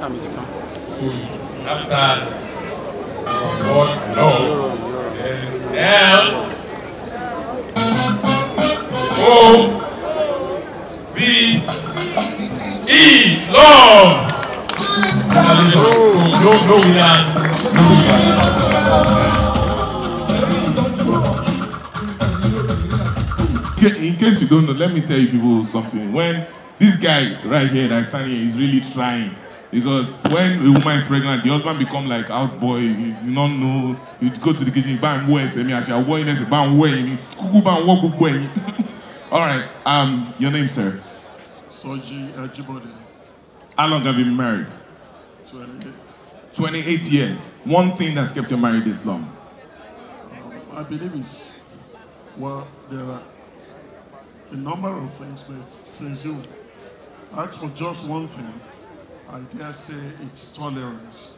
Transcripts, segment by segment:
ta music kan. after uh, l o v e love. in case you don't know, let me tell you people something. When this guy right here that's standing here is really trying. Because when a woman is pregnant, the husband become like houseboy. You, you don't know. You go to the kitchen, bam, where's me? I shall wear this, bam, where me? Kuku, bam, what boy? All right. Um, your name, sir? Soji Ajibode. How long have you been married? 28. 28 years. One thing that's kept you married this long? Um, I believe it's, well, there are a number of things, but since you asked for just one thing, I dare say it's tolerance.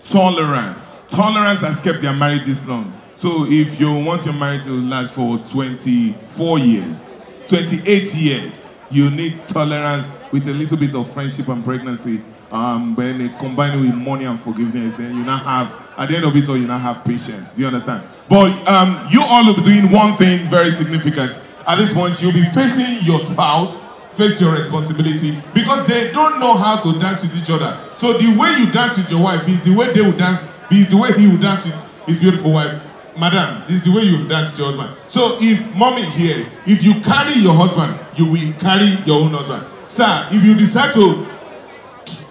Tolerance. Tolerance has kept their marriage this long. So if you want your marriage to last for 24 years, 28 years, you need tolerance with a little bit of friendship and pregnancy. Um, when it combined with money and forgiveness, then you now have, at the end of it all, you now have patience. Do you understand? But um, you all will be doing one thing very significant. At this point, you'll be facing your spouse face your responsibility because they don't know how to dance with each other. So the way you dance with your wife is the way they will dance, is the way he will dance with his beautiful wife. Madam, this is the way you dance with your husband. So if mommy here, if you carry your husband, you will carry your own husband. Sir, if you decide to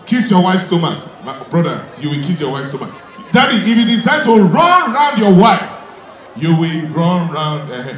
kiss your wife's stomach, brother, you will kiss your wife's stomach. Daddy, if you decide to run around your wife, you will run around. Uh, eh, eh,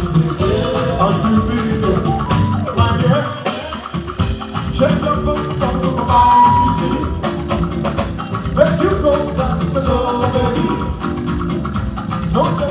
No, Not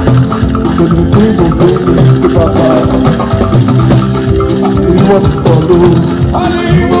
much for love.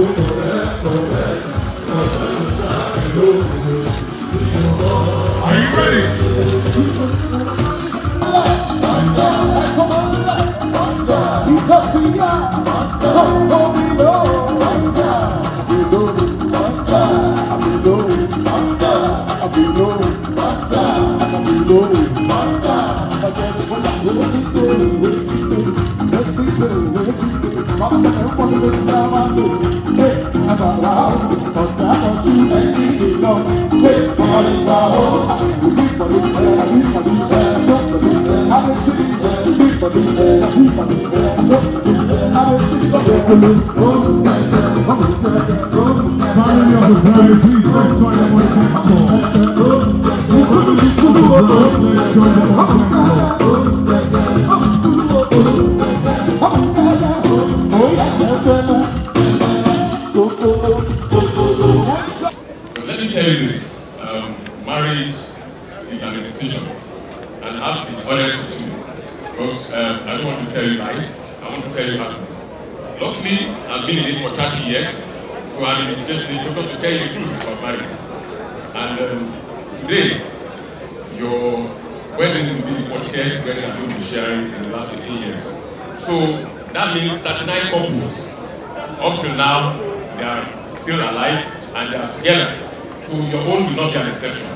Are you ready? Um, marriage is an institution and has its honest because uh, I don't want to tell you lies. I want to tell you how it is. Luckily, I've been in it for 30 years, so I'm in the position to tell you the truth about marriage. And um, today, your wedding will be the 40th wedding I've been sharing in the last 18 years. So that means 39 couples up till now, they are still alive and they are together. So your own will not be an exception.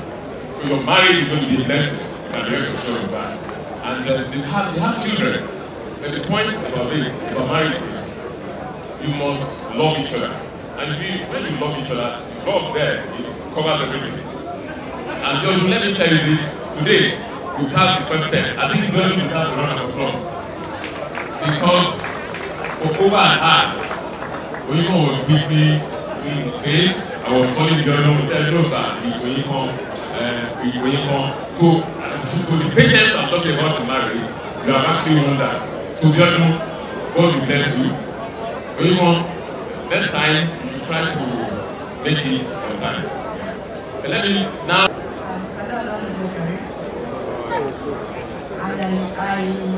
So your marriage is going to be blessed and the rest of your life. and uh, they, have, they have children. But the point about this, about marriage is, you must love each other. And if you see, when you love each other, love there, it covers everything. And you, you let me tell you this, today, we have the first step. I think you don't even have to run out of applause. Because for over an hour, Oyinbo was busy in this, I was calling the girl other one, said, no sir, you Oyinbo, uh, you Oyinbo. So To the patience I'm talking about in marriage, you have actually won that. So we all know God will bless you. But you want, next time you should try to make this on time. And let me now. I, I